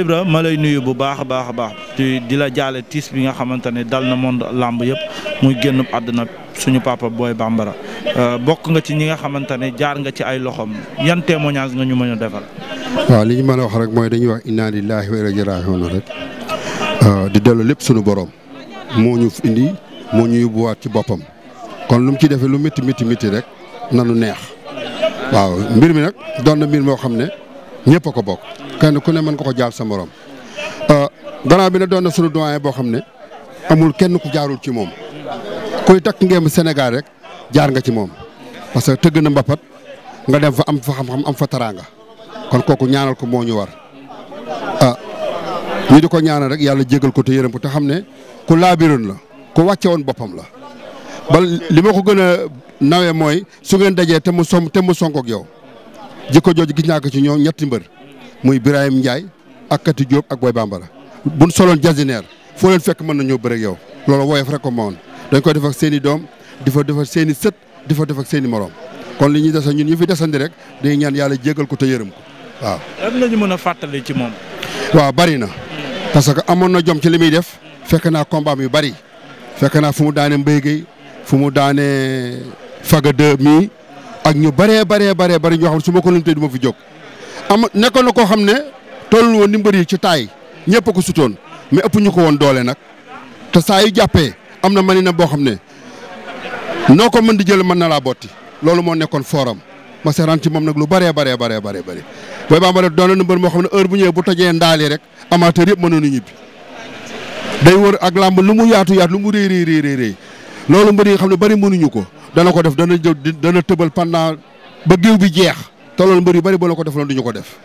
Ibra ma lay nuyu bu baax a baax a baax di la jaale tiis bi nga xamante ne dal na monde làmb yëpp muy génn àdduna suñu papa booy Bambara euh, bokk nga ci ñi nga xamante ne jaar nga ci ay loxoom yan témoignage nga ñu mën a defal. waaw li ñu mën a wax rek mooy dañuy wax inna lillahi wa inna ilayhi raaji'uun rek euh, di delloo lépp suñu borom moo ñu indi moo ñu yóbbuwaat ci boppam kon lu mu ci defee lu métti métti métti rek nanu neex waaw mbir mi nag doon na mbir moo xam ne ñëpp a ko bokk kenn ku ne mën nga ko jaar sa morom euh, gannaaw bi ne doon na sunu doyen boo xam ne amul kenn ku jaarul ci moom kuy takk ngeem senegal rek jaar nga ci moom parce que tëgg na mbapat nga dem fa am fa xam-xam am fa taraanga kon kooku ñaanal ko moo ñu war ah ñu di ko ñaanal rek yàlla jégal ko te yërëm te xam ne ku laabiroon la ku wàcce woon boppam la bal li ma ko gën a nawee mooy su ngeen dajee te mu som te mu sonk yow jikko jooju gis naa ko ci ñoom ñetti mbër muy Birahim Ndiaye ak Kati Diop ak Boy Bambara buñ soloon jasineer foo leen fekk mën na ñëw bëre ak yow loolu woyof rek ko moon dañ doom di fa def sët di def ak seen i morom kon li ñuy desa ñun ñu fi desandi rek day ñaan yàlla jégal ko te yërëm waaw. mën a fàttali ci moom. waaw bari na. parce que amoon na jom ci li muy def. fekk naa combat yu bari. fekk naa fu mu daane mbéy fu mu daane faga deux mi ak ñu bëree bëree bëree bëri ñoo xam su ma ko lim tey du am nekkoon na koo xam ne toll woon ni mbër yi ci taay ñëpp a ko sutoon mais ëpp ko woon doole nag te saa yu jàppee am na man mani na boo xam ne noo ko mën di jël mën na laa botti loolu moo nekkoon forum ma seeraan ci moom nag lu bëree bëree bëree bëree bëri booy bambara doon na mbër moo xam ne heure bu ñëwee bu tojee ndaali rek amateur yëpp mënoon a ñibbi day wër ak làmb lu mu yaatu yaatu lu mu rëy rëy rëy rëy loolu mbër yi xam ne bëri mënuñu ko dana ko def dana jëw dana tëbal pendant ba géew bi jeex te mbër yu bari ba la ko def loon du ñu ko def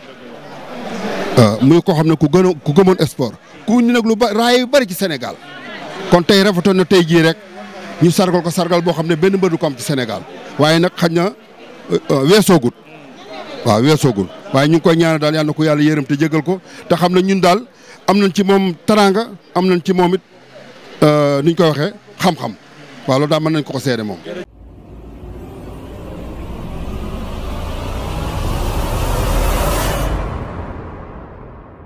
euh, muy ko xam ne ku gën ku gëmoon sport ku ñu nag lu ba raay yu bari ci Sénégal kon tey rafetoon na tey jii rek ñu sargal ko sargal boo xam ne benn mbër du ci Sénégal waaye nag xañ na euh, euh, weesoogut waaw weesoogut waaye ñu ngi koy ñaanal daal yàlla na ko yàlla yërëm te jégal ko te xam na ñun daal am nañ ci moom teraanga am nañ ci moom it ni ñu koy waxee xam-xam waaw loolu daal mën nañ ko ko seede moom